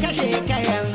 kashe kayan